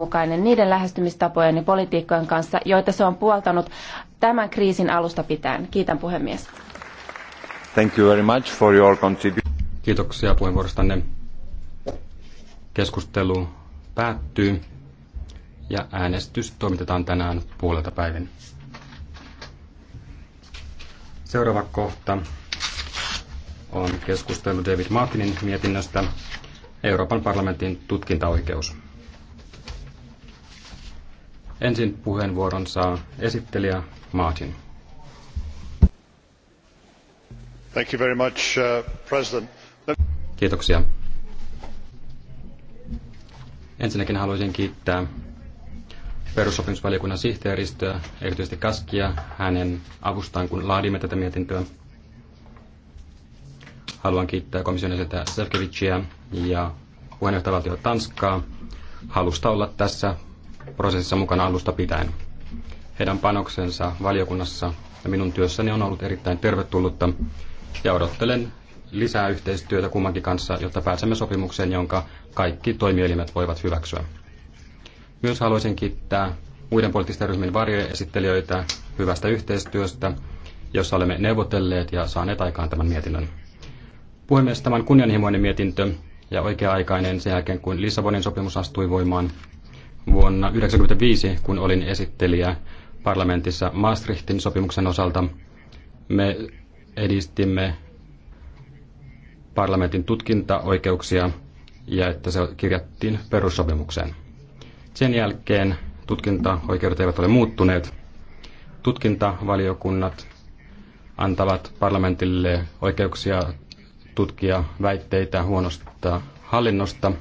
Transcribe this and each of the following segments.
mukainen niiden lähestymistapojen ja politiikkojen kanssa, joita se on puoltanut tämän kriisin alusta pitäen. Kiitän puhemies. Thank you very much for your Kiitoksia puheenvuorostanne. Keskustelu päättyy ja äänestys toimitetaan tänään puolelta päivän. Seuraava kohta on keskustelu David Martinin mietinnöstä Euroopan parlamentin tutkintaoikeus. Ensin puheenvuoron saa esittelijä Martin. Thank you very much, uh, President. Kiitoksia. Ensinnäkin haluaisin kiittää perussopimusvaliokunnan sihteeristöä, erityisesti Kaskia, hänen avustaan, kun laadimme tätä mietintöä. Haluan kiittää komission jäsentä Sefkevicia ja puheenjohtajavaltio Tanskaa halusta olla tässä prosessissa mukana alusta pitäen. Heidän panoksensa valiokunnassa ja minun työssäni on ollut erittäin tervetullutta ja odottelen lisää yhteistyötä kummankin kanssa, jotta pääsemme sopimukseen, jonka kaikki toimielimet voivat hyväksyä. Myös haluaisin kiittää muiden poliittisten ryhmien esittelijöitä hyvästä yhteistyöstä, jossa olemme neuvotelleet ja saaneet aikaan tämän mietinnön. Puhemies, tämän kunnianhimoinen mietintö ja oikea-aikainen sen jälkeen, kun Lissabonin sopimus astui voimaan, vuonna 1995, kun olin esittelijä parlamentissa Maastrichtin sopimuksen osalta. Me edistimme parlamentin tutkintaoikeuksia ja että se kirjattiin perussopimukseen. Sen jälkeen tutkintaoikeudet eivät ole muuttuneet. Tutkintavaliokunnat antavat parlamentille oikeuksia tutkia väitteitä huonosta hallinnosta –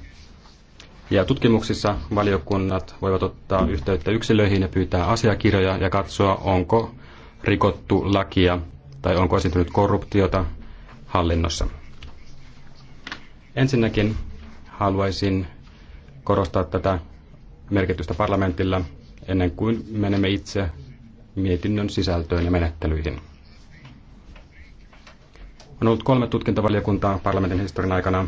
ja tutkimuksissa valiokunnat voivat ottaa yhteyttä yksilöihin ja pyytää asiakirjoja ja katsoa, onko rikottu lakia tai onko esiintynyt korruptiota hallinnossa. Ensinnäkin haluaisin korostaa tätä merkitystä parlamentilla ennen kuin menemme itse mietinnön sisältöön ja menettelyihin. On ollut kolme tutkintavaliokuntaa parlamentin historian aikana,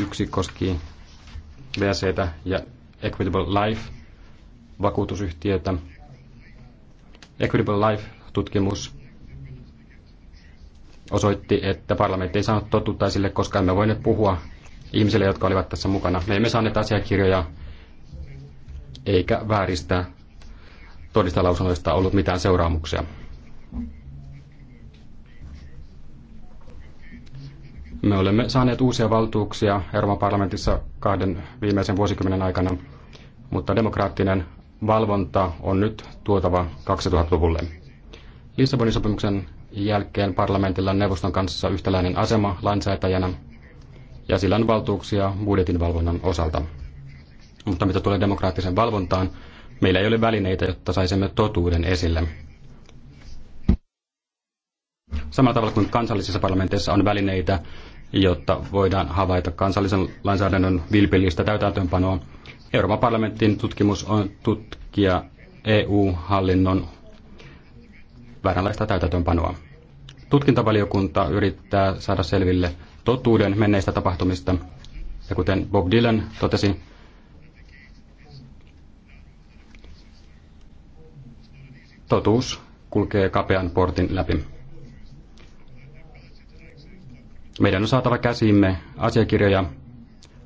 Yksi koski VCtä ja Equitable Life vakuutusyhtiötä. Equitable Life-tutkimus osoitti, että parlamentti ei saanut totuutta sille, koska emme voineet puhua ihmisille, jotka olivat tässä mukana. Me emme saaneet asiakirjoja eikä vääristä todistelausunnoista ollut mitään seuraamuksia. Me olemme saaneet uusia valtuuksia Euroopan parlamentissa kahden viimeisen vuosikymmenen aikana, mutta demokraattinen valvonta on nyt tuotava 2000-luvulle. Lissabonin sopimuksen jälkeen parlamentilla on neuvoston kanssa yhtäläinen asema lainsäätäjänä ja sillä on valtuuksia budjetin valvonnan osalta. Mutta mitä tulee demokraattiseen valvontaan, meillä ei ole välineitä, jotta saisimme totuuden esille. Samalla tavalla kuin kansallisissa parlamenteissa on välineitä, jotta voidaan havaita kansallisen lainsäädännön vilpillistä täytäntöönpanoa. Euroopan parlamentin tutkimus on tutkia EU-hallinnon vääränlaista täytäntöönpanoa. Tutkintavaliokunta yrittää saada selville totuuden menneistä tapahtumista, ja kuten Bob Dylan totesi, totuus kulkee kapean portin läpi. Meidän on saatava käsimme asiakirjoja,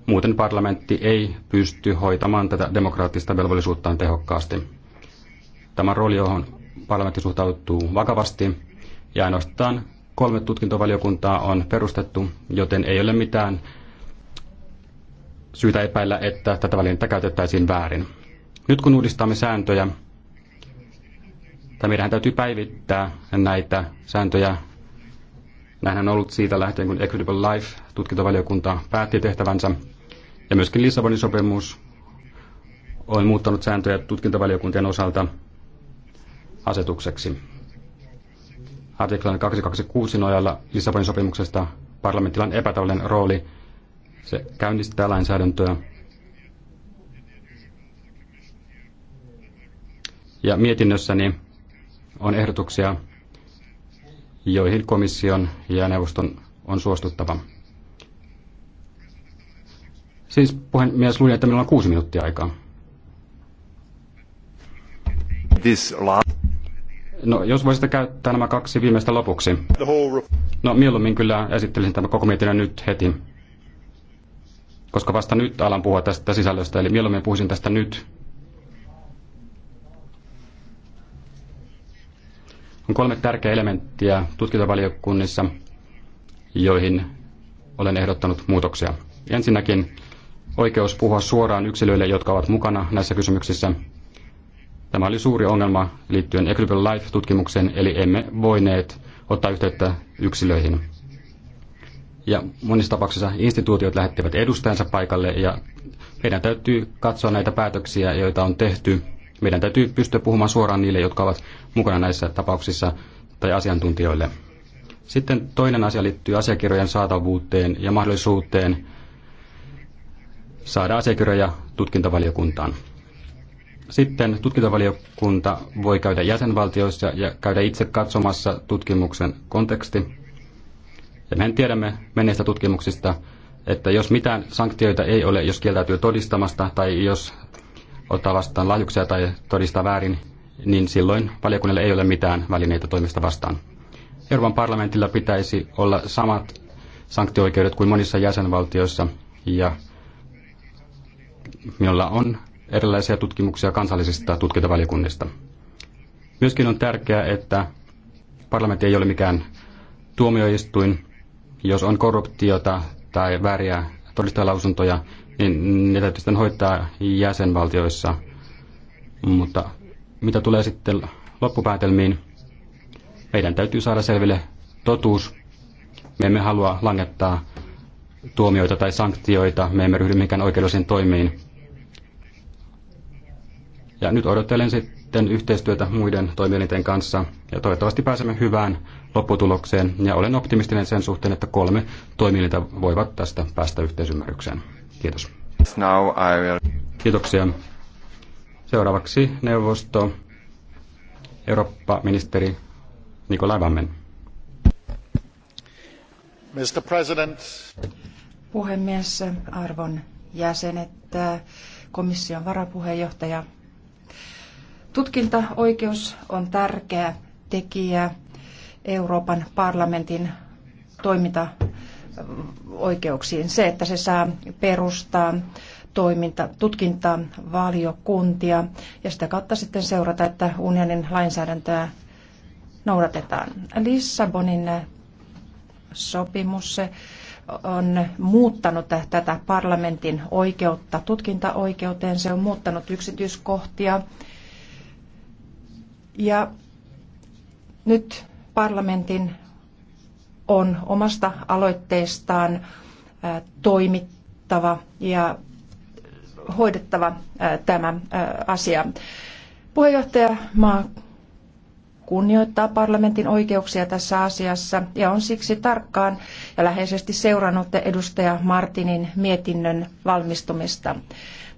muuten parlamentti ei pysty hoitamaan tätä demokraattista velvollisuuttaan tehokkaasti. Tämä rooli, johon parlamentti suhtautuu vakavasti, ja ainoastaan kolme tutkintovaliokuntaa on perustettu, joten ei ole mitään syytä epäillä, että tätä välinettä käytettäisiin väärin. Nyt kun uudistamme sääntöjä, tai meidän täytyy päivittää näitä sääntöjä Näinhän on ollut siitä lähtien, kun Equitable Life tutkintavaliokunta päätti tehtävänsä. Ja myöskin Lissabonin sopimus on muuttanut sääntöjä tutkintavaliokuntien osalta asetukseksi. Artiklan 226 nojalla Lissabonin sopimuksesta parlamentilla on epätavallinen rooli. Se käynnistää lainsäädäntöä. Ja mietinnössäni on ehdotuksia joihin komission ja neuvoston on suostuttava. Siis puhemies, luin, että meillä on kuusi minuuttia aikaa. No, jos voisitte käyttää nämä kaksi viimeistä lopuksi. No, mieluummin kyllä esittelisin tämän koko mietinnön nyt heti. Koska vasta nyt alan puhua tästä sisällöstä, eli mieluummin puhuisin tästä nyt On kolme tärkeää elementtiä tutkintavaliokunnissa, joihin olen ehdottanut muutoksia. Ensinnäkin oikeus puhua suoraan yksilöille, jotka ovat mukana näissä kysymyksissä. Tämä oli suuri ongelma liittyen Equitable Life-tutkimukseen, eli emme voineet ottaa yhteyttä yksilöihin. Ja monissa tapauksissa instituutiot lähettivät edustajansa paikalle ja meidän täytyy katsoa näitä päätöksiä, joita on tehty meidän täytyy pystyä puhumaan suoraan niille, jotka ovat mukana näissä tapauksissa tai asiantuntijoille. Sitten toinen asia liittyy asiakirjojen saatavuuteen ja mahdollisuuteen saada asiakirjoja tutkintavaliokuntaan. Sitten tutkintavaliokunta voi käydä jäsenvaltioissa ja käydä itse katsomassa tutkimuksen konteksti. Ja mehän tiedämme menneistä tutkimuksista, että jos mitään sanktioita ei ole, jos kieltäytyy todistamasta tai jos ottaa vastaan lajuksia tai todistaa väärin, niin silloin valiokunnalle ei ole mitään välineitä toimista vastaan. Euroopan parlamentilla pitäisi olla samat sanktioikeudet kuin monissa jäsenvaltioissa ja minulla on erilaisia tutkimuksia kansallisista tutkintavaliokunnista. Myöskin on tärkeää, että parlamentti ei ole mikään tuomioistuin. Jos on korruptiota tai vääriä todistajalausuntoja, niin ne täytyy sitten hoitaa jäsenvaltioissa. Mutta mitä tulee sitten loppupäätelmiin, meidän täytyy saada selville totuus. Me emme halua langettaa tuomioita tai sanktioita, me emme ryhdy mikään oikeudellisiin toimiin. Ja nyt odottelen sitten yhteistyötä muiden toimielinten kanssa ja toivottavasti pääsemme hyvään lopputulokseen ja olen optimistinen sen suhteen, että kolme toimielintä voivat tästä päästä yhteisymmärrykseen. Kiitos. Now I will... Kiitoksia. Seuraavaksi neuvosto, Eurooppa-ministeri Nikolai Vammen. Mr. President. Puhemies, arvon jäsenet, komission varapuheenjohtaja. Tutkintaoikeus on tärkeä tekijä Euroopan parlamentin toiminta oikeuksiin. Se, että se saa perustaa toiminta, tutkintaa, valiokuntia ja sitä kautta sitten seurata, että unionin lainsäädäntöä noudatetaan. Lissabonin sopimus on muuttanut tätä parlamentin oikeutta tutkintaoikeuteen, se on muuttanut yksityiskohtia. Ja nyt parlamentin on omasta aloitteestaan toimittava ja hoidettava tämä asia. Puheenjohtaja Maa kunnioittaa parlamentin oikeuksia tässä asiassa ja on siksi tarkkaan ja läheisesti seurannut edustaja Martinin mietinnön valmistumista.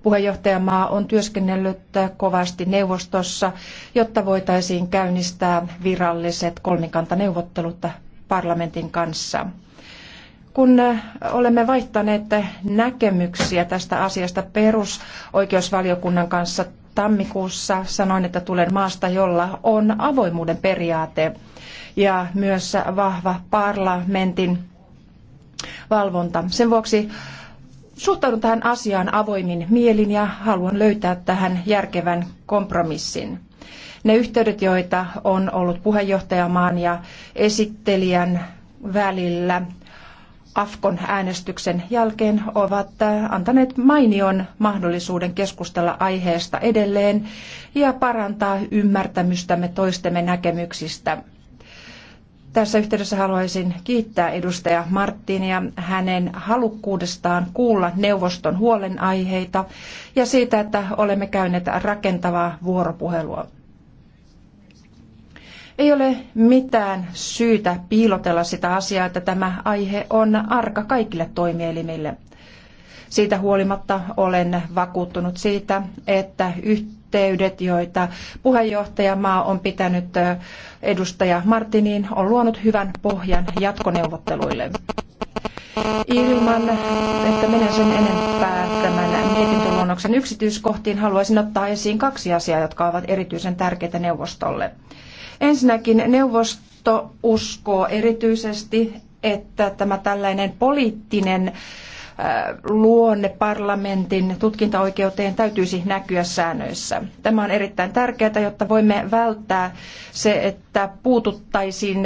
Puheenjohtajamaa on työskennellyt kovasti neuvostossa, jotta voitaisiin käynnistää viralliset kolmikantaneuvottelut parlamentin kanssa. Kun olemme vaihtaneet näkemyksiä tästä asiasta perusoikeusvaliokunnan kanssa tammikuussa, sanoin, että tulen maasta, jolla on avoimuuden periaate ja myös vahva parlamentin valvonta. Sen vuoksi suhtaudun tähän asiaan avoimin mielin ja haluan löytää tähän järkevän kompromissin. Ne yhteydet, joita on ollut puheenjohtajamaan ja esittelijän välillä Afkon äänestyksen jälkeen ovat äh, antaneet mainion mahdollisuuden keskustella aiheesta edelleen ja parantaa ymmärtämystämme toistemme näkemyksistä. Tässä yhteydessä haluaisin kiittää edustaja Marttinia hänen halukkuudestaan kuulla neuvoston huolenaiheita ja siitä, että olemme käyneet rakentavaa vuoropuhelua. Ei ole mitään syytä piilotella sitä asiaa, että tämä aihe on arka kaikille toimielimille. Siitä huolimatta olen vakuuttunut siitä, että yhteydet, joita puheenjohtajamaa on pitänyt edustaja Martiniin, on luonut hyvän pohjan jatkoneuvotteluille. Ilman, että menen sen enempää tämän mietintöluonnoksen yksityiskohtiin, haluaisin ottaa esiin kaksi asiaa, jotka ovat erityisen tärkeitä neuvostolle. Ensinnäkin neuvosto uskoo erityisesti, että tämä tällainen poliittinen äh, luonne parlamentin tutkintaoikeuteen täytyisi näkyä säännöissä. Tämä on erittäin tärkeää, jotta voimme välttää se, että puututtaisiin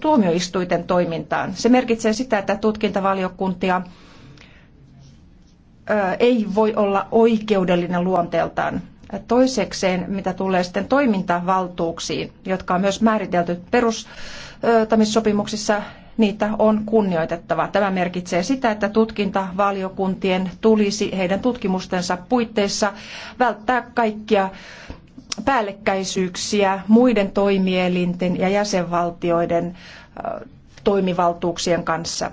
tuomioistuinten toimintaan. Se merkitsee sitä, että tutkintavaliokuntia äh, ei voi olla oikeudellinen luonteeltaan. Toisekseen, mitä tulee sitten toimintavaltuuksiin, jotka on myös määritelty perustamissopimuksissa, niitä on kunnioitettava. Tämä merkitsee sitä, että tutkintavaliokuntien tulisi heidän tutkimustensa puitteissa välttää kaikkia päällekkäisyyksiä muiden toimielinten ja jäsenvaltioiden toimivaltuuksien kanssa.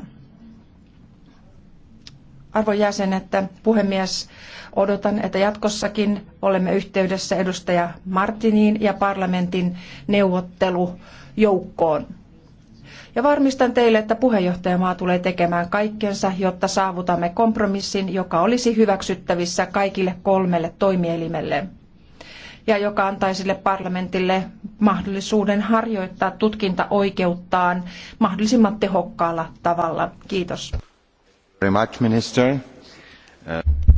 Arvon puhemies, Odotan, että jatkossakin olemme yhteydessä edustaja Martiniin ja parlamentin neuvottelujoukkoon. Ja varmistan teille, että puheenjohtajamaa tulee tekemään kaikkensa, jotta saavutamme kompromissin, joka olisi hyväksyttävissä kaikille kolmelle toimielimelle ja joka antaisi parlamentille mahdollisuuden harjoittaa tutkintaoikeuttaan mahdollisimman tehokkaalla tavalla. Kiitos. Very much, minister.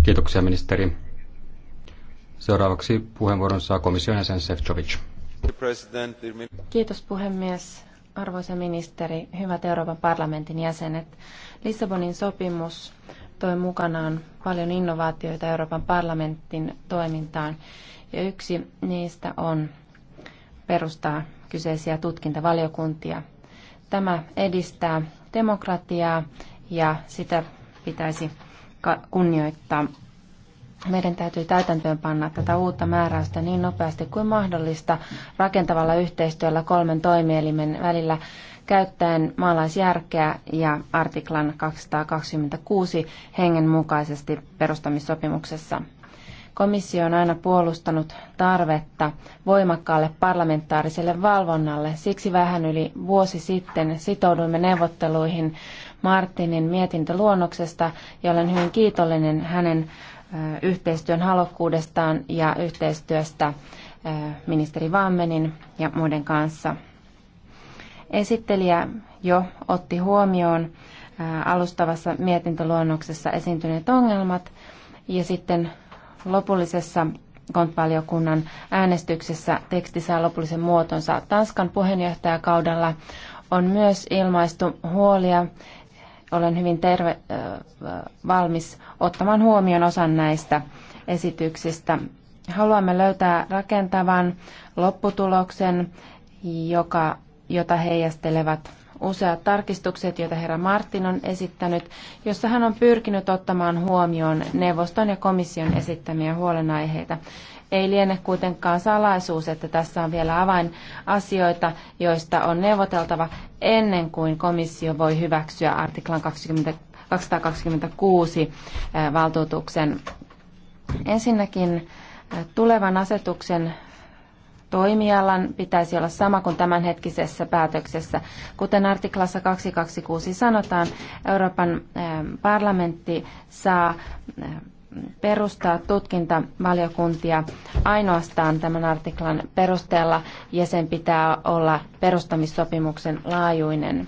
Kiitoksia ministeri. Seuraavaksi puheenvuoron saa komission jäsen Sefcovic. Kiitos puhemies. Arvoisa ministeri, hyvät Euroopan parlamentin jäsenet. Lissabonin sopimus toi mukanaan paljon innovaatioita Euroopan parlamentin toimintaan ja yksi niistä on perustaa kyseisiä tutkintavaliokuntia. Tämä edistää demokratiaa ja sitä pitäisi kunnioittaa. Meidän täytyy täytäntöön panna tätä uutta määräystä niin nopeasti kuin mahdollista rakentavalla yhteistyöllä kolmen toimielimen välillä käyttäen maalaisjärkeä ja artiklan 226 hengen mukaisesti perustamissopimuksessa. Komissio on aina puolustanut tarvetta voimakkaalle parlamentaariselle valvonnalle. Siksi vähän yli vuosi sitten sitouduimme neuvotteluihin Martinin mietintöluonnoksesta ja olen hyvin kiitollinen hänen yhteistyön halukkuudestaan ja yhteistyöstä ministeri Vammenin ja muiden kanssa. Esittelijä jo otti huomioon alustavassa mietintöluonnoksessa esiintyneet ongelmat ja sitten lopullisessa kontvaliokunnan äänestyksessä teksti saa lopullisen muotonsa. Tanskan puheenjohtajakaudella on myös ilmaistu huolia olen hyvin terve, valmis ottamaan huomioon osan näistä esityksistä. Haluamme löytää rakentavan lopputuloksen, joka, jota heijastelevat useat tarkistukset, joita herra Martin on esittänyt, jossa hän on pyrkinyt ottamaan huomioon neuvoston ja komission esittämiä huolenaiheita. Ei liene kuitenkaan salaisuus, että tässä on vielä avainasioita, joista on neuvoteltava ennen kuin komissio voi hyväksyä artiklan 20, 226 valtuutuksen. Ensinnäkin tulevan asetuksen toimialan pitäisi olla sama kuin tämänhetkisessä päätöksessä. Kuten artiklassa 226 sanotaan, Euroopan parlamentti saa perustaa tutkintavaliokuntia ainoastaan tämän artiklan perusteella ja sen pitää olla perustamissopimuksen laajuinen.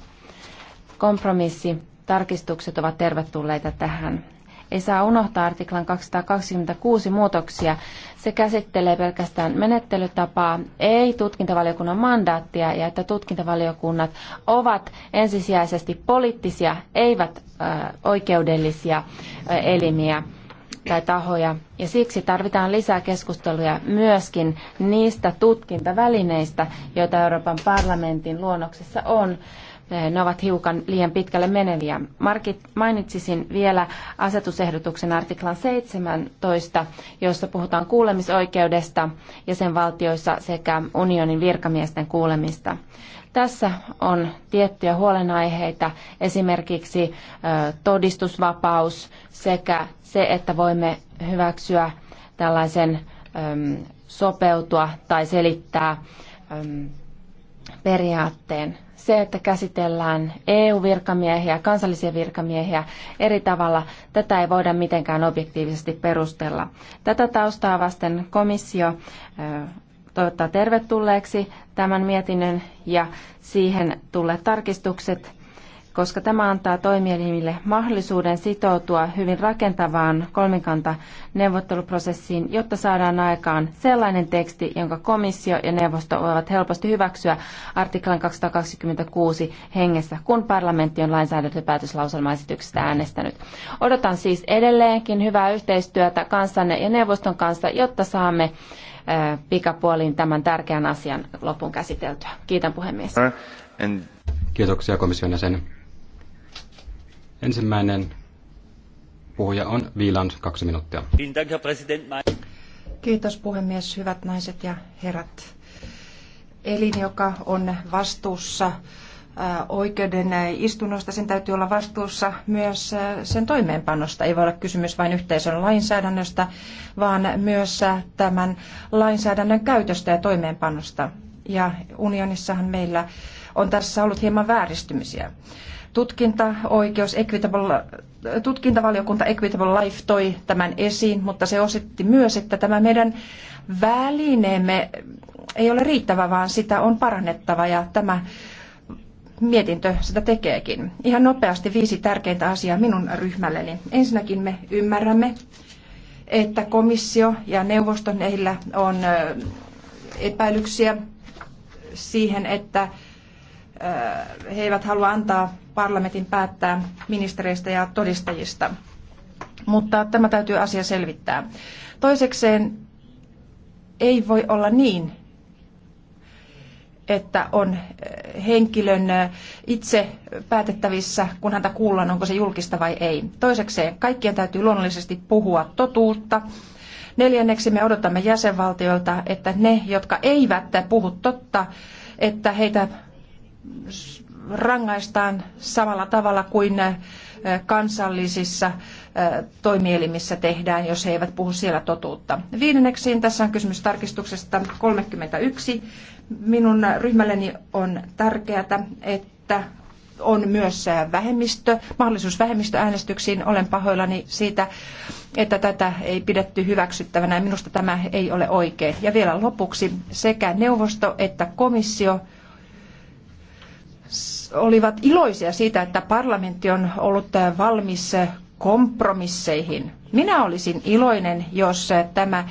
Kompromissi tarkistukset ovat tervetulleita tähän. Ei saa unohtaa artiklan 226 muutoksia. Se käsittelee pelkästään menettelytapaa, ei tutkintavaliokunnan mandaattia ja että tutkintavaliokunnat ovat ensisijaisesti poliittisia, eivät äh, oikeudellisia äh, elimiä tai tahoja. Ja siksi tarvitaan lisää keskusteluja myöskin niistä tutkintavälineistä, joita Euroopan parlamentin luonnoksessa on. Ne ovat hiukan liian pitkälle meneviä. Markit, mainitsisin vielä asetusehdotuksen artiklan 17, jossa puhutaan kuulemisoikeudesta jäsenvaltioissa sekä unionin virkamiesten kuulemista. Tässä on tiettyjä huolenaiheita, esimerkiksi todistusvapaus sekä se, että voimme hyväksyä tällaisen sopeutua tai selittää periaatteen. Se, että käsitellään EU-virkamiehiä, kansallisia virkamiehiä eri tavalla, tätä ei voida mitenkään objektiivisesti perustella. Tätä taustaa vasten komissio toivottaa tervetulleeksi tämän mietinnön ja siihen tulleet tarkistukset – koska tämä antaa toimielimille mahdollisuuden sitoutua hyvin rakentavaan neuvotteluprosessiin, jotta saadaan aikaan sellainen teksti, jonka komissio ja neuvosto voivat helposti hyväksyä artiklan 226 hengessä, kun parlamentti on päätöslauselmaesityksestä äänestänyt. Odotan siis edelleenkin hyvää yhteistyötä kanssanne ja neuvoston kanssa, jotta saamme pikapuoliin tämän tärkeän asian lopun käsiteltyä. Kiitän puhemies. Kiitoksia komission jäsenen. Ensimmäinen puhuja on Viiland, kaksi minuuttia. Kiitos puhemies, hyvät naiset ja herrat. Elin, joka on vastuussa äh, oikeuden istunnosta, sen täytyy olla vastuussa myös äh, sen toimeenpanosta. Ei voi olla kysymys vain yhteisön lainsäädännöstä, vaan myös äh, tämän lainsäädännön käytöstä ja toimeenpanosta. Ja unionissahan meillä on tässä ollut hieman vääristymisiä tutkintaoikeus, Equitable, tutkintavaliokunta Equitable Life toi tämän esiin, mutta se osoitti myös, että tämä meidän välineemme ei ole riittävä, vaan sitä on parannettava ja tämä mietintö sitä tekeekin. Ihan nopeasti viisi tärkeintä asiaa minun ryhmälleni. Ensinnäkin me ymmärrämme, että komissio ja neuvoston heillä on epäilyksiä siihen, että he eivät halua antaa parlamentin päättää ministereistä ja todistajista. Mutta tämä täytyy asia selvittää. Toisekseen ei voi olla niin, että on eh, henkilön eh, itse päätettävissä, kun häntä kuullaan, onko se julkista vai ei. Toisekseen kaikkien täytyy luonnollisesti puhua totuutta. Neljänneksi me odotamme jäsenvaltioilta, että ne, jotka eivät puhu totta, että heitä rangaistaan samalla tavalla kuin eh, kansallisissa eh, toimielimissä tehdään, jos he eivät puhu siellä totuutta. Viidenneksi tässä on kysymys tarkistuksesta 31. Minun ryhmälleni on tärkeää, että on myös eh, vähemmistö, mahdollisuus vähemmistöäänestyksiin. Olen pahoillani siitä, että tätä ei pidetty hyväksyttävänä ja minusta tämä ei ole oikein. Ja vielä lopuksi sekä neuvosto että komissio olivat iloisia siitä, että parlamentti on ollut valmis kompromisseihin. Minä olisin iloinen, jos tämä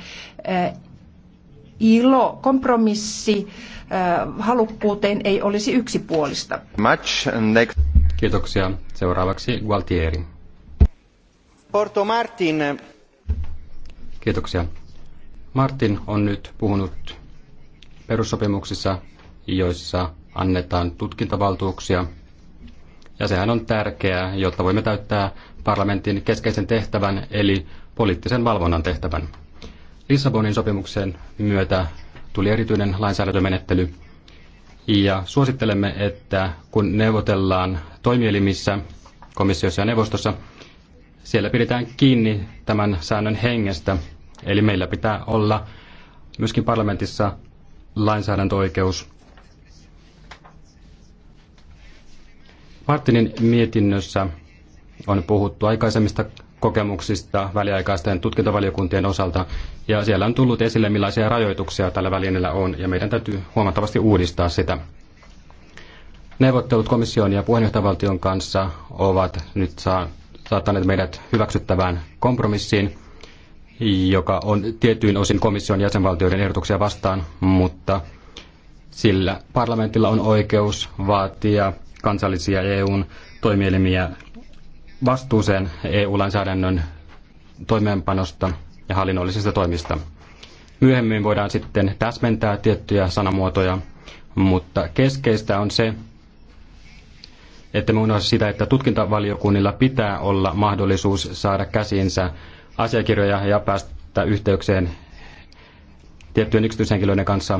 ilo, kompromissi, halukkuuteen ei olisi yksipuolista. Match next. Kiitoksia. Seuraavaksi Gualtieri. Porto Martin. Kiitoksia. Martin on nyt puhunut perussopimuksissa, joissa annetaan tutkintavaltuuksia. Ja sehän on tärkeää, jotta voimme täyttää parlamentin keskeisen tehtävän, eli poliittisen valvonnan tehtävän. Lissabonin sopimuksen myötä tuli erityinen lainsäädäntömenettely, ja suosittelemme, että kun neuvotellaan toimielimissä, komissiossa ja neuvostossa, siellä pidetään kiinni tämän säännön hengestä. Eli meillä pitää olla myöskin parlamentissa lainsäädäntöoikeus Martinin mietinnössä on puhuttu aikaisemmista kokemuksista väliaikaisten tutkintavaliokuntien osalta, ja siellä on tullut esille, millaisia rajoituksia tällä välineellä on, ja meidän täytyy huomattavasti uudistaa sitä. Neuvottelut komission ja puheenjohtajavaltion kanssa ovat nyt saa, saattaneet meidät hyväksyttävään kompromissiin, joka on tietyin osin komission jäsenvaltioiden ehdotuksia vastaan, mutta sillä parlamentilla on oikeus vaatia kansallisia EUn toimielimiä vastuuseen EU-lainsäädännön toimeenpanosta ja hallinnollisista toimista. Myöhemmin voidaan sitten täsmentää tiettyjä sanamuotoja, mutta keskeistä on se, että me unohdamme sitä, että tutkintavaliokunnilla pitää olla mahdollisuus saada käsiinsä asiakirjoja ja päästä yhteykseen tiettyjen yksityishenkilöiden kanssa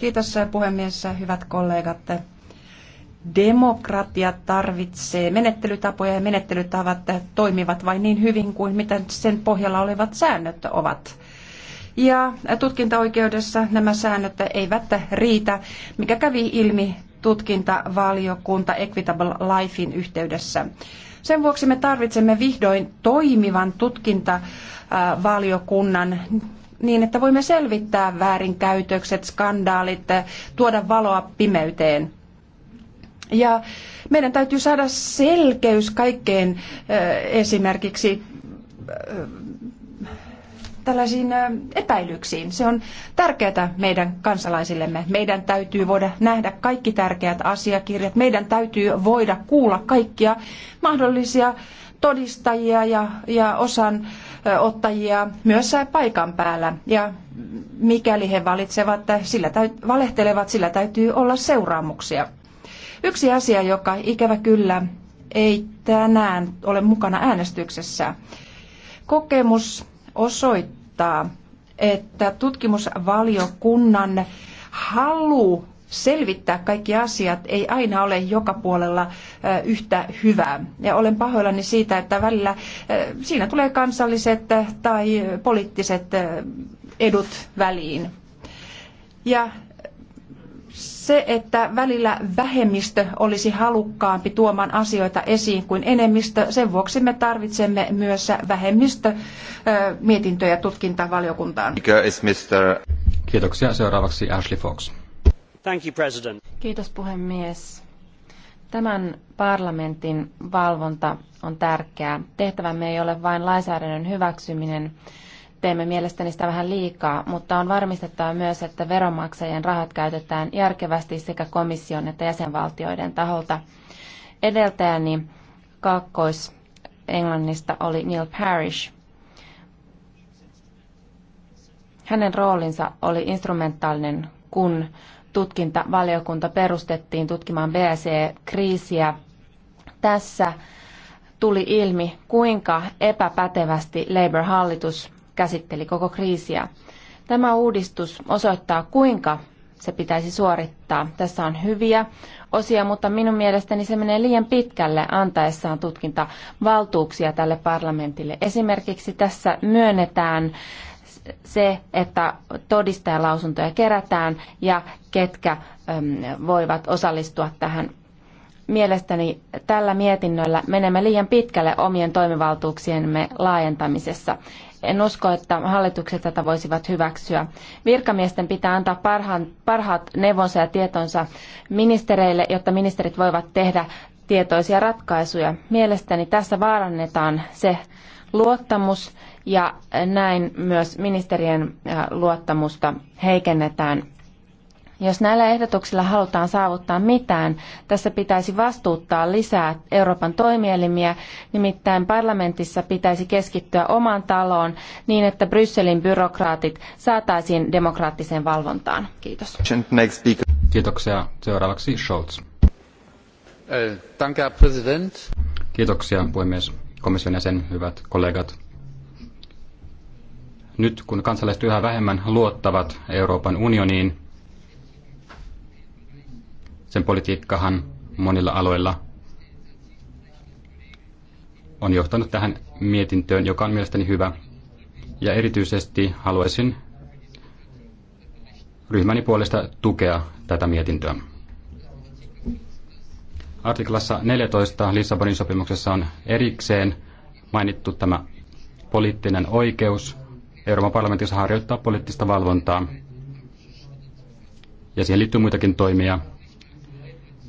Kiitos eh, puhemies, eh, hyvät kollegat. Demokratia tarvitsee menettelytapoja ja menettelytavat eh, toimivat vain niin hyvin kuin mitä sen pohjalla olevat säännöt ovat. Ja tutkintaoikeudessa nämä säännöt eivät riitä, mikä kävi ilmi tutkintavaliokunta Equitable Lifein yhteydessä. Sen vuoksi me tarvitsemme vihdoin toimivan tutkintavaliokunnan niin, että voimme selvittää väärinkäytökset, skandaalit, tuoda valoa pimeyteen. Ja meidän täytyy saada selkeys kaikkeen eh, esimerkiksi eh, tällaisiin eh, epäilyksiin. Se on tärkeää meidän kansalaisillemme. Meidän täytyy voida nähdä kaikki tärkeät asiakirjat. Meidän täytyy voida kuulla kaikkia mahdollisia todistajia ja, ja osan ottajia myös paikan päällä. Ja mikäli he valitsevat, sillä valehtelevat, sillä täytyy olla seuraamuksia. Yksi asia, joka ikävä kyllä ei tänään ole mukana äänestyksessä. Kokemus osoittaa, että tutkimusvaliokunnan halu selvittää kaikki asiat ei aina ole joka puolella yhtä hyvää. Ja olen pahoillani siitä, että välillä siinä tulee kansalliset tai poliittiset edut väliin. Ja se, että välillä vähemmistö olisi halukkaampi tuomaan asioita esiin kuin enemmistö, sen vuoksi me tarvitsemme myös vähemmistö mietintöjä tutkintavaliokuntaan. Kiitoksia. Seuraavaksi Ashley Fox. Thank you, President. Kiitos puhemies. Tämän parlamentin valvonta on tärkeää. Tehtävämme ei ole vain lainsäädännön hyväksyminen. Teemme mielestäni sitä vähän liikaa, mutta on varmistettava myös, että veronmaksajien rahat käytetään järkevästi sekä komission että jäsenvaltioiden taholta. Edeltäjäni Kaakkois-Englannista oli Neil Parish. Hänen roolinsa oli instrumentaalinen, kun tutkintavaliokunta perustettiin tutkimaan BSE-kriisiä. Tässä tuli ilmi, kuinka epäpätevästi Labour-hallitus käsitteli koko kriisiä. Tämä uudistus osoittaa, kuinka se pitäisi suorittaa. Tässä on hyviä osia, mutta minun mielestäni se menee liian pitkälle antaessaan tutkintavaltuuksia tälle parlamentille. Esimerkiksi tässä myönnetään se, että todistajalausuntoja kerätään ja ketkä voivat osallistua tähän. Mielestäni tällä mietinnöllä menemme liian pitkälle omien toimivaltuuksiemme laajentamisessa. En usko, että hallitukset tätä voisivat hyväksyä. Virkamiesten pitää antaa parhaan, parhaat neuvonsa ja tietonsa ministereille, jotta ministerit voivat tehdä tietoisia ratkaisuja. Mielestäni tässä vaarannetaan se luottamus ja näin myös ministerien äh, luottamusta heikennetään. Jos näillä ehdotuksilla halutaan saavuttaa mitään, tässä pitäisi vastuuttaa lisää Euroopan toimielimiä, nimittäin parlamentissa pitäisi keskittyä omaan taloon niin, että Brysselin byrokraatit saataisiin demokraattiseen valvontaan. Kiitos. Kiitoksia. Seuraavaksi Scholz. Äh, Kiitoksia, puhemies komission jäsen, hyvät kollegat. Nyt kun kansalaiset yhä vähemmän luottavat Euroopan unioniin, sen politiikkahan monilla aloilla on johtanut tähän mietintöön, joka on mielestäni hyvä. Ja erityisesti haluaisin ryhmäni puolesta tukea tätä mietintöä. Artiklassa 14 Lissabonin sopimuksessa on erikseen mainittu tämä poliittinen oikeus Euroopan parlamentissa harjoittaa poliittista valvontaa. Ja siihen liittyy muitakin toimia.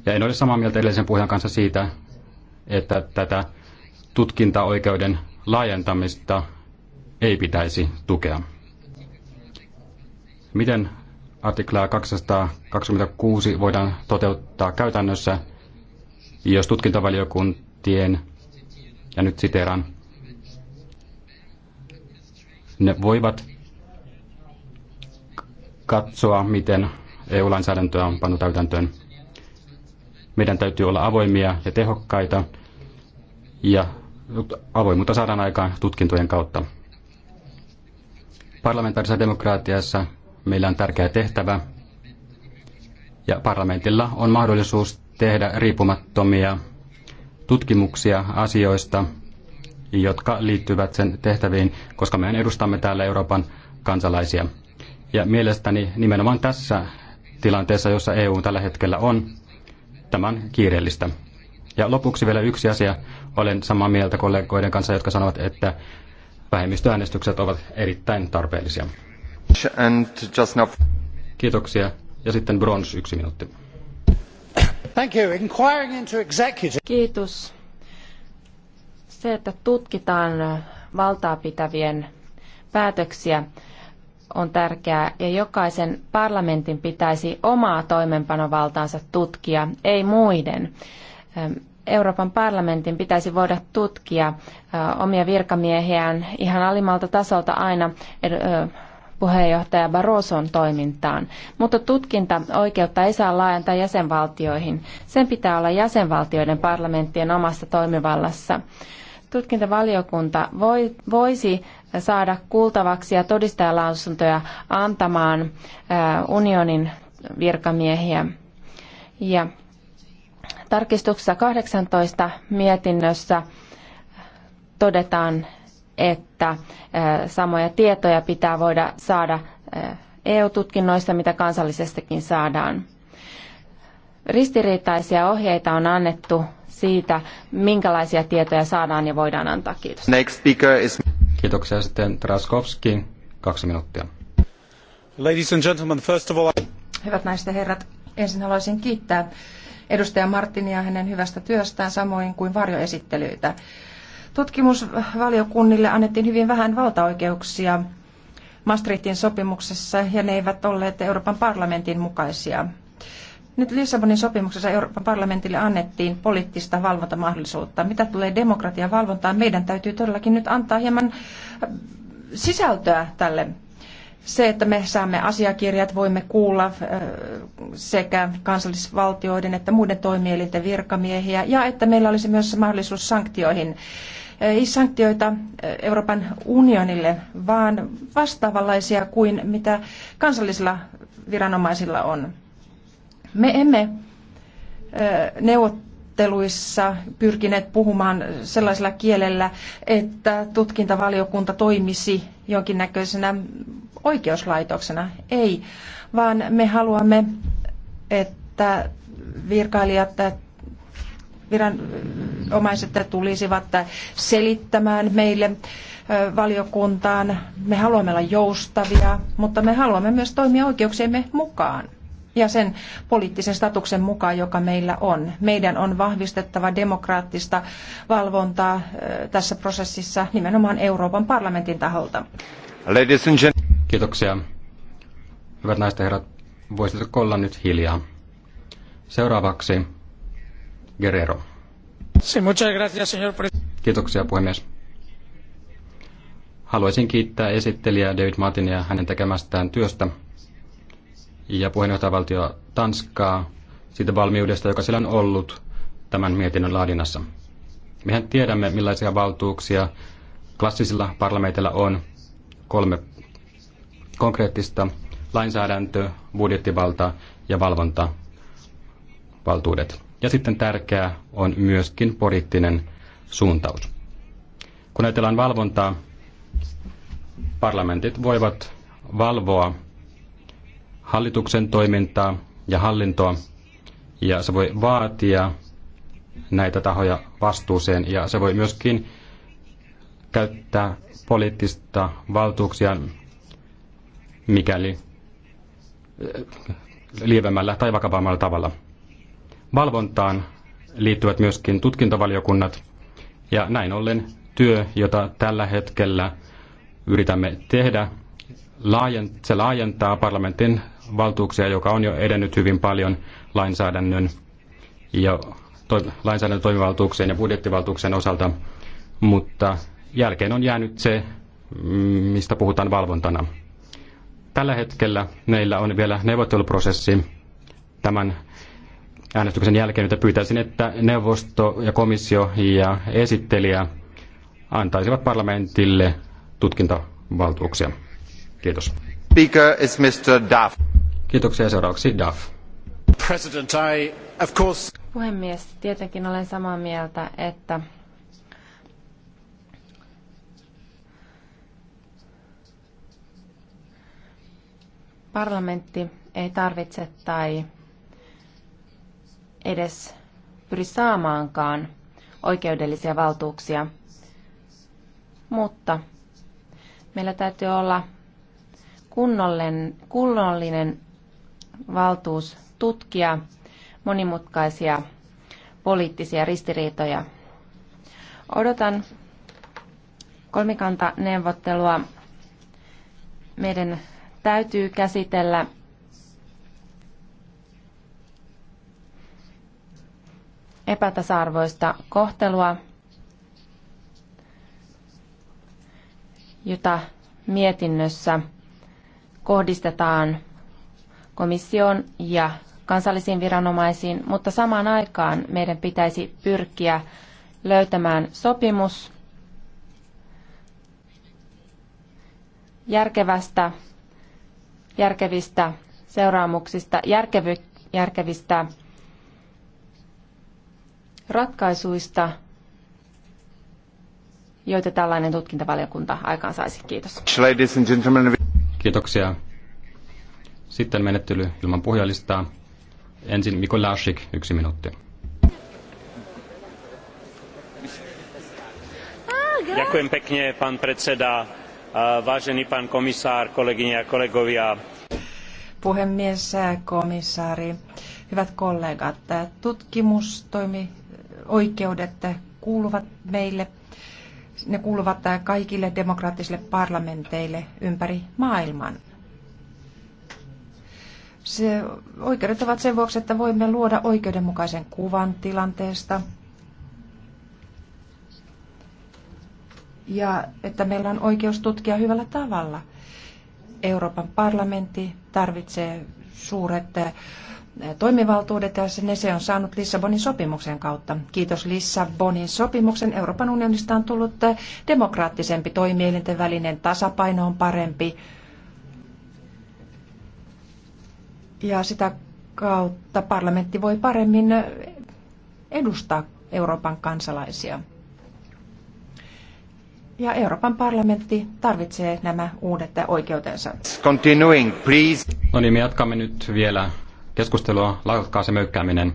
Ja en ole samaa mieltä edellisen puhujan kanssa siitä, että tätä tutkintaoikeuden laajentamista ei pitäisi tukea. Miten artiklaa 226 voidaan toteuttaa käytännössä jos tutkintavaliokuntien, ja nyt siteeraan, ne voivat katsoa, miten EU-lainsäädäntöä on pannut täytäntöön. Meidän täytyy olla avoimia ja tehokkaita, ja avoimuutta saadaan aikaan tutkintojen kautta. Parlamentaarisessa demokraatiassa meillä on tärkeä tehtävä, ja parlamentilla on mahdollisuus tehdä riippumattomia tutkimuksia asioista, jotka liittyvät sen tehtäviin, koska me edustamme täällä Euroopan kansalaisia. Ja mielestäni nimenomaan tässä tilanteessa, jossa EU tällä hetkellä on, tämän kiireellistä. Ja lopuksi vielä yksi asia. Olen samaa mieltä kollegoiden kanssa, jotka sanovat, että vähemmistöäänestykset ovat erittäin tarpeellisia. Kiitoksia. Ja sitten Brons, yksi minuutti. Kiitos. Se, että tutkitaan valtaa pitävien päätöksiä, on tärkeää ja jokaisen parlamentin pitäisi omaa toimenpanovaltaansa tutkia, ei muiden. Ehm, Euroopan parlamentin pitäisi voida tutkia omia virkamiehiään ihan alimmalta tasolta aina er, puheenjohtaja Barroson toimintaan, mutta tutkinta-oikeutta ei saa laajentaa jäsenvaltioihin. Sen pitää olla jäsenvaltioiden parlamenttien omassa toimivallassa. Tutkintavaliokunta voi, voisi saada kuultavaksi ja todistajalausuntoja antamaan äh, unionin virkamiehiä. Ja tarkistuksessa 18 mietinnössä todetaan, että samoja tietoja pitää voida saada eu tutkinnoissa mitä kansallisestakin saadaan. Ristiriitaisia ohjeita on annettu siitä, minkälaisia tietoja saadaan ja voidaan antaa. Kiitos. Next speaker is... Kiitoksia sitten Traskovski. Kaksi minuuttia. Ladies and gentlemen, first of all... Hyvät naiset ja herrat, ensin haluaisin kiittää edustaja Martinia hänen hyvästä työstään, samoin kuin varjoesittelyitä. Tutkimusvaliokunnille annettiin hyvin vähän valtaoikeuksia Maastrichtin sopimuksessa ja ne eivät olleet Euroopan parlamentin mukaisia. Nyt Lissabonin sopimuksessa Euroopan parlamentille annettiin poliittista valvontamahdollisuutta. Mitä tulee demokratian valvontaan, meidän täytyy todellakin nyt antaa hieman äh, sisältöä tälle. Se, että me saamme asiakirjat, voimme kuulla äh, sekä kansallisvaltioiden että muiden toimielinten virkamiehiä ja että meillä olisi myös mahdollisuus sanktioihin ei sanktioita eh, Euroopan unionille, vaan vastaavanlaisia kuin mitä kansallisilla viranomaisilla on. Me emme eh, neuvotteluissa pyrkineet puhumaan sellaisella kielellä, että tutkintavaliokunta toimisi jonkinnäköisenä oikeuslaitoksena. Ei, vaan me haluamme, että virkailijat viranomaiset tulisivat selittämään meille valiokuntaan. Me haluamme olla joustavia, mutta me haluamme myös toimia oikeuksiemme mukaan ja sen poliittisen statuksen mukaan, joka meillä on. Meidän on vahvistettava demokraattista valvontaa tässä prosessissa nimenomaan Euroopan parlamentin taholta. Ladies and gentlemen. Kiitoksia. Hyvät naiset ja herrat, voisitko olla nyt hiljaa? Seuraavaksi Guerrero. Kiitoksia, puhemies. Haluaisin kiittää esittelijä David Martinia hänen tekemästään työstä ja puheenjohtajavaltio Tanskaa siitä valmiudesta, joka sillä on ollut tämän mietinnön laadinnassa. Mehän tiedämme, millaisia valtuuksia klassisilla parlamenteilla on. Kolme konkreettista lainsäädäntö, budjettivalta ja valvontavaltuudet. Ja sitten tärkeää on myöskin poliittinen suuntaus. Kun ajatellaan valvontaa, parlamentit voivat valvoa hallituksen toimintaa ja hallintoa, ja se voi vaatia näitä tahoja vastuuseen, ja se voi myöskin käyttää poliittista valtuuksia, mikäli eh, lievemmällä tai vakavammalla tavalla valvontaan liittyvät myöskin tutkintavaliokunnat. Ja näin ollen työ, jota tällä hetkellä yritämme tehdä, se laajentaa parlamentin valtuuksia, joka on jo edennyt hyvin paljon lainsäädännön ja to, lainsäädännön toimivaltuuksien ja budjettivaltuuksien osalta, mutta jälkeen on jäänyt se, mm, mistä puhutaan valvontana. Tällä hetkellä meillä on vielä neuvotteluprosessi tämän äänestyksen jälkeen, että pyytäisin, että neuvosto ja komissio ja esittelijä antaisivat parlamentille tutkintavaltuuksia. Kiitos. Speaker is Mr. Duff. Kiitoksia seuraavaksi Duff. President, I, of course... Puhemies, tietenkin olen samaa mieltä, että parlamentti ei tarvitse tai edes pyri saamaankaan oikeudellisia valtuuksia. Mutta meillä täytyy olla kunnollinen, kunnollinen valtuus tutkia monimutkaisia poliittisia ristiriitoja. Odotan neuvottelua, Meidän täytyy käsitellä epätasa-arvoista kohtelua, jota mietinnössä kohdistetaan komission ja kansallisiin viranomaisiin, mutta samaan aikaan meidän pitäisi pyrkiä löytämään sopimus järkevästä, järkevistä seuraamuksista, järkevy, järkevistä ratkaisuista, joita tällainen tutkintavaliokunta aikaan saisi Kiitos. Kiitoksia. Sitten menettely ilman puhujalistaa. Ensin Mikko Lashik, yksi minuutti. Ďakujem pekne, pán predseda, vážený pán komisár, kolegyne a kolegovia. Puhemies, komissaari, hyvät kollegat, tutkimustoimi oikeudet kuuluvat meille. Ne kuuluvat kaikille demokraattisille parlamenteille ympäri maailman. Se, oikeudet ovat sen vuoksi, että voimme luoda oikeudenmukaisen kuvan tilanteesta, ja että meillä on oikeus tutkia hyvällä tavalla. Euroopan parlamentti tarvitsee suuret toimivaltuudet ja ne se on saanut Lissabonin sopimuksen kautta. Kiitos Lissabonin sopimuksen. Euroopan unionista on tullut eh, demokraattisempi toimielinten välinen tasapaino on parempi. Ja sitä kautta parlamentti voi paremmin eh, edustaa Euroopan kansalaisia. Ja Euroopan parlamentti tarvitsee nämä uudet oikeutensa. No niin, me jatkamme nyt vielä keskustelua lakkaa se möykkääminen.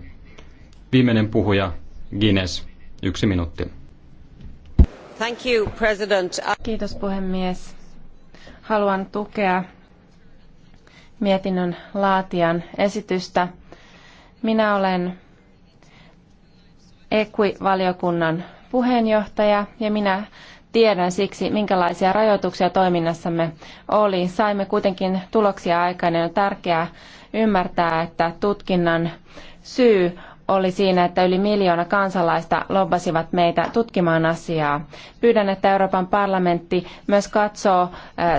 Viimeinen puhuja, Guinness, yksi minuutti. Thank you, President. Kiitos puhemies. Haluan tukea mietinnön laatijan esitystä. Minä olen EQUI-valiokunnan puheenjohtaja ja minä Tiedän siksi, minkälaisia rajoituksia toiminnassamme oli. Saimme kuitenkin tuloksia aikaan ja on tärkeää ymmärtää, että tutkinnan syy oli siinä, että yli miljoona kansalaista lobbasivat meitä tutkimaan asiaa. Pyydän, että Euroopan parlamentti myös katsoo,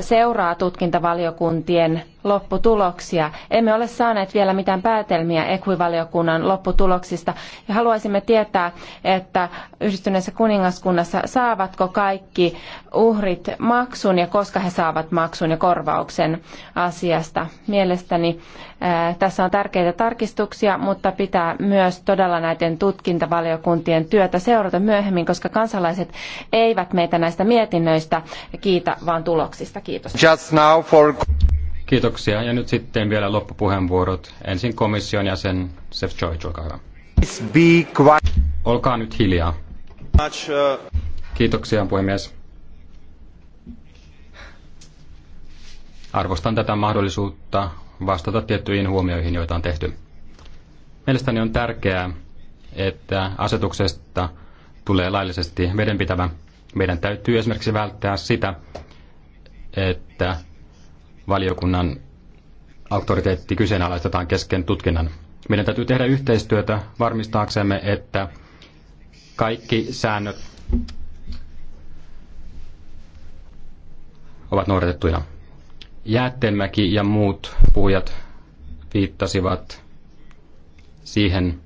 seuraa tutkintavaliokuntien lopputuloksia. Emme ole saaneet vielä mitään päätelmiä EQUI-valiokunnan lopputuloksista ja haluaisimme tietää, että yhdistyneessä kuningaskunnassa saavatko kaikki uhrit maksun ja koska he saavat maksun ja korvauksen asiasta. Mielestäni ää, tässä on tärkeitä tarkistuksia, mutta pitää myös todella näiden tutkintavaliokuntien työtä seurata myöhemmin, koska kansalaiset eivät meitä näistä mietinnöistä kiitä, vaan tuloksista. Kiitos. Kiitoksia. Ja nyt sitten vielä loppupuheenvuorot. Ensin komission jäsen Sefcovic, olkaa hyvä. Olkaa nyt hiljaa. Kiitoksia, puhemies. Arvostan tätä mahdollisuutta vastata tiettyihin huomioihin, joita on tehty. Mielestäni on tärkeää, että asetuksesta tulee laillisesti vedenpitävä. Meidän täytyy esimerkiksi välttää sitä, että valiokunnan auktoriteetti kyseenalaistetaan kesken tutkinnan. Meidän täytyy tehdä yhteistyötä varmistaaksemme, että kaikki säännöt ovat noudatettuina. Jäätteenmäki ja muut puhujat viittasivat siihen,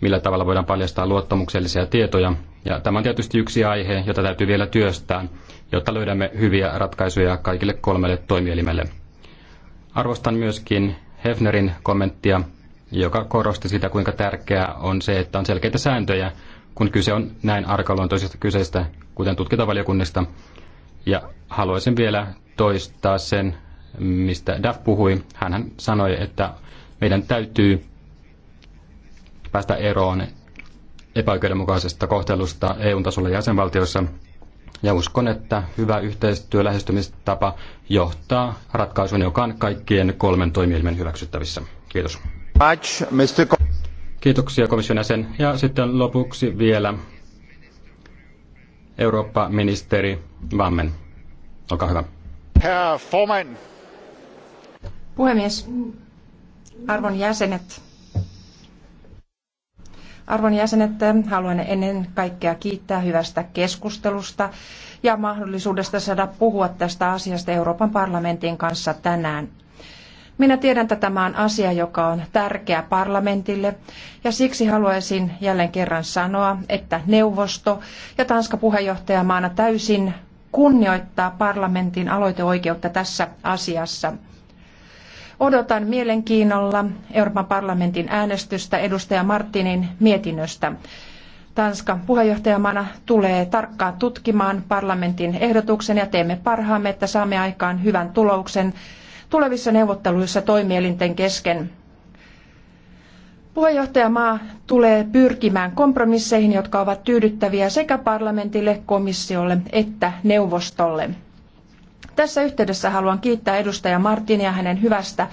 millä tavalla voidaan paljastaa luottamuksellisia tietoja. Ja tämä on tietysti yksi aihe, jota täytyy vielä työstää jotta löydämme hyviä ratkaisuja kaikille kolmelle toimielimelle. Arvostan myöskin Hefnerin kommenttia, joka korosti sitä, kuinka tärkeää on se, että on selkeitä sääntöjä, kun kyse on näin arkaluontoisista kyseistä, kuten tutkintavaliokunnista. Ja haluaisin vielä toistaa sen, mistä Daf puhui. hän sanoi, että meidän täytyy päästä eroon epäoikeudenmukaisesta kohtelusta EU-tasolla jäsenvaltioissa – ja uskon, että hyvä yhteistyölähestymistapa johtaa ratkaisuun, joka on kaikkien kolmen toimielimen hyväksyttävissä. Kiitos. Kiitoksia komission jäsen. Ja sitten lopuksi vielä Eurooppa-ministeri Vammen. Olkaa hyvä. Herr Puhemies, arvon jäsenet, Arvon jäsenet, haluan ennen kaikkea kiittää hyvästä keskustelusta ja mahdollisuudesta saada puhua tästä asiasta Euroopan parlamentin kanssa tänään. Minä tiedän, että tämä on asia, joka on tärkeä parlamentille ja siksi haluaisin jälleen kerran sanoa, että neuvosto ja Tanska puheenjohtajamaana täysin kunnioittaa parlamentin aloiteoikeutta tässä asiassa. Odotan mielenkiinnolla Euroopan parlamentin äänestystä edustaja Martinin mietinnöstä. Tanska puheenjohtajamana tulee tarkkaan tutkimaan parlamentin ehdotuksen ja teemme parhaamme, että saamme aikaan hyvän tuloksen tulevissa neuvotteluissa toimielinten kesken. Puheenjohtajamaa tulee pyrkimään kompromisseihin, jotka ovat tyydyttäviä sekä parlamentille, komissiolle että neuvostolle. Tässä yhteydessä haluan kiittää edustaja Martinia hänen hyvästä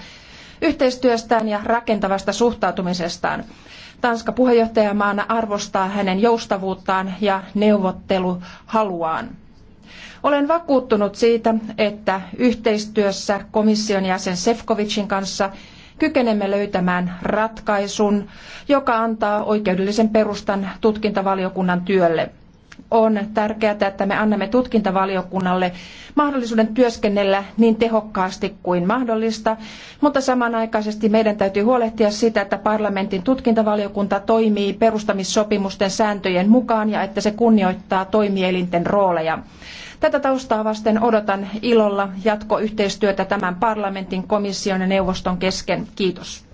yhteistyöstään ja rakentavasta suhtautumisestaan. Tanska puheenjohtajamaana arvostaa hänen joustavuuttaan ja neuvotteluhaluaan. Olen vakuuttunut siitä, että yhteistyössä komission jäsen Sefcovicin kanssa kykenemme löytämään ratkaisun, joka antaa oikeudellisen perustan tutkintavaliokunnan työlle on tärkeää, että me annamme tutkintavaliokunnalle mahdollisuuden työskennellä niin tehokkaasti kuin mahdollista, mutta samanaikaisesti meidän täytyy huolehtia siitä, että parlamentin tutkintavaliokunta toimii perustamissopimusten sääntöjen mukaan ja että se kunnioittaa toimielinten rooleja. Tätä taustaa vasten odotan ilolla jatkoyhteistyötä tämän parlamentin, komission ja neuvoston kesken. Kiitos.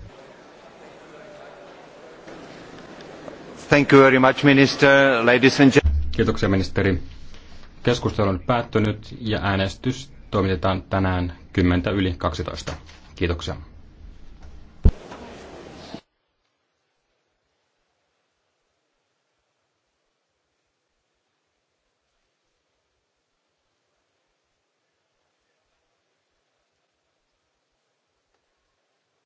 Thank you very much, Minister. Ladies and gentlemen. Kiitoksia ministeri. Keskustelu on päättynyt ja äänestys toimitetaan tänään 10 yli 12. Kiitoksia.